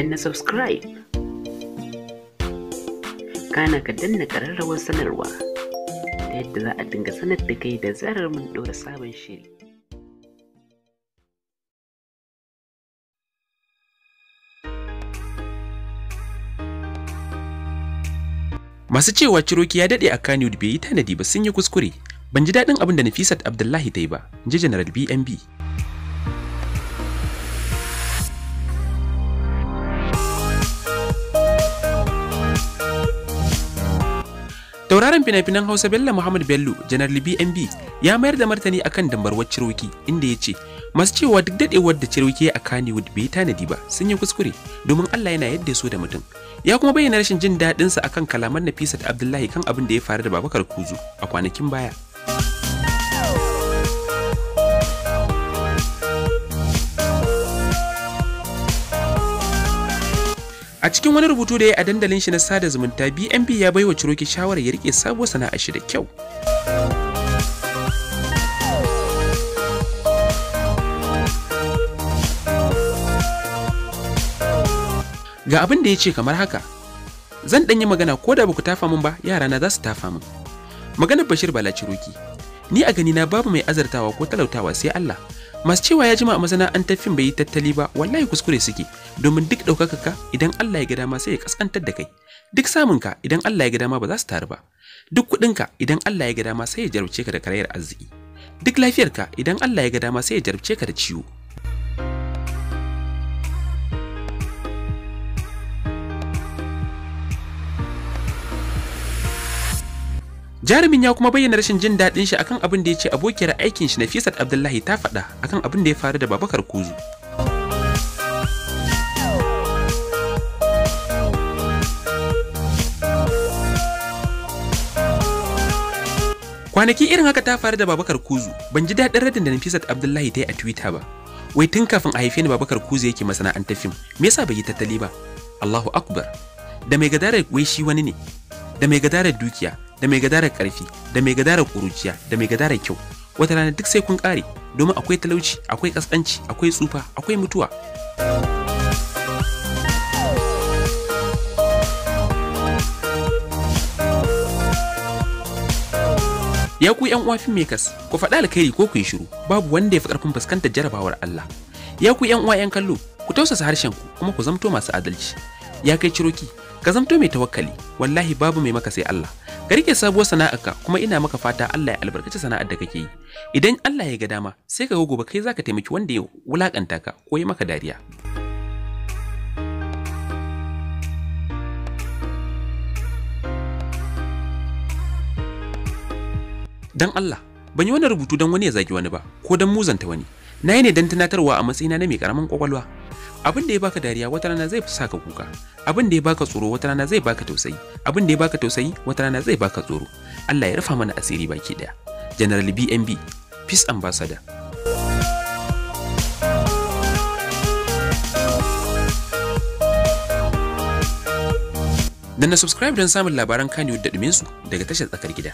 danna subscribe kana ka danna ƙararrawar sanarwa ta yadda za a dinga sanar da kai da zarar mun ɗora sabon shiri masu cewa ciroki ya daɗe a da bai yi tanadi ba sun yi kuskure ban ji daɗin abin da nafisat abdullahi ta yi ba in ji general bnb Sauraron fina-finan Hausa Bello Muhammad Bello, Janar BNB, ya mayar da martani akan dambarwar Ciroki, inda ya ce, Masu cewa duk daɗewar da Ciroki a Kannywood bai tanadi ba, sun yi kuskure, domin Allah yana yadda so da mutum. Ya kuma bayyana rashin jin daɗinsa akan kalaman Nafisat Abdullahi kan abin da ya faru da Babakar Kuzu a kwanakin baya. A cikin wani rubutu da ya a dandalin shi na sada zumunta BNB ya baiwa Ciroki shawarar ya rike sabuwar sana'a shi da kyau. Ga abin da ya ce kamar haka, zan ɗanyi magana ko da baku tafa min ba yarana za su tafa min. Maganar Bashir Bala Ciroki, ni a gani na babu mai azartawa ko talautawa sai Allah. masu cewa ya jima a masana'antar fim bai yi tattali ba wallahi kuskure suke domin duk ɗaukaka idan Allah ya ga dama sai ya ƙasƙantar da kai duk samun ka idan Allah ya ga dama ba za su taru ba duk kuɗin ka idan Allah ya ga dama sai ya jarabce ka da karayar arziki duk lafiyar ka idan Allah ya ga dama sai ya jarabce ka da ciwo Jarumin ya kuma bayyana rashin jin daɗin shi akan abin da ya ce abokiyar aikin shi Nafisat Abdullahi ta faɗa akan abin da ya faru da Babakar Kuzu. Kwanaki irin haka ta faru da Babakar Kuzu, ban ji daɗin radin da Nafisat Abdullahi ta yi a Twitter ba. Wai tun kafin a haife ni Babakar Kuzu yake masana'antar fim, me yasa bai yi tattali ba? Allahu Akbar. Da mai gadarar wai shi wani ne, da mai gadarar dukiya, da mai gada gadarar ƙarfi da mai gada gadarar ƙuruciya da mai gada da kyau wata rana duk sai kun ƙare domin akwai talauci akwai ƙasƙanci akwai tsufa akwai mutuwa ya ku yan uwafin mekas ku faɗa alkhairi ko ku yi shiru babu wanda ya fi ƙarfin fuskantar jarabawar Allah ya ku yan uwa yan kallo ku tausasa harshen ku kuma ku zamto masu adalci ya kai ciroki ka zamto mai tawakkali wallahi babu mai maka sai Allah ka rike sabuwar sana'arka kuma ina maka fata Allah ya albarkaci sana'ar da kake yi idan Allah ya ga dama sai ka gogo gobe kai zaka taimaki wanda ya wulakanta ka ko ya maka dariya dan Allah ban yi wani rubutu don wani ya zagi wani ba ko don muzanta wani na yi ne don tunatarwa a matsayina na mai karamin kwakwalwa abin da ya baka dariya wata rana zai sa ka kuka abin da ya baka tsoro wata rana zai baka tausayi abin da ya baka tausayi wata rana zai baka tsoro Allah ya rufa mana asiri baki daya General BNB Peace Ambassador Dan na subscribe don samun labaran Kanye da ɗuminsu daga tashar tsakar gida.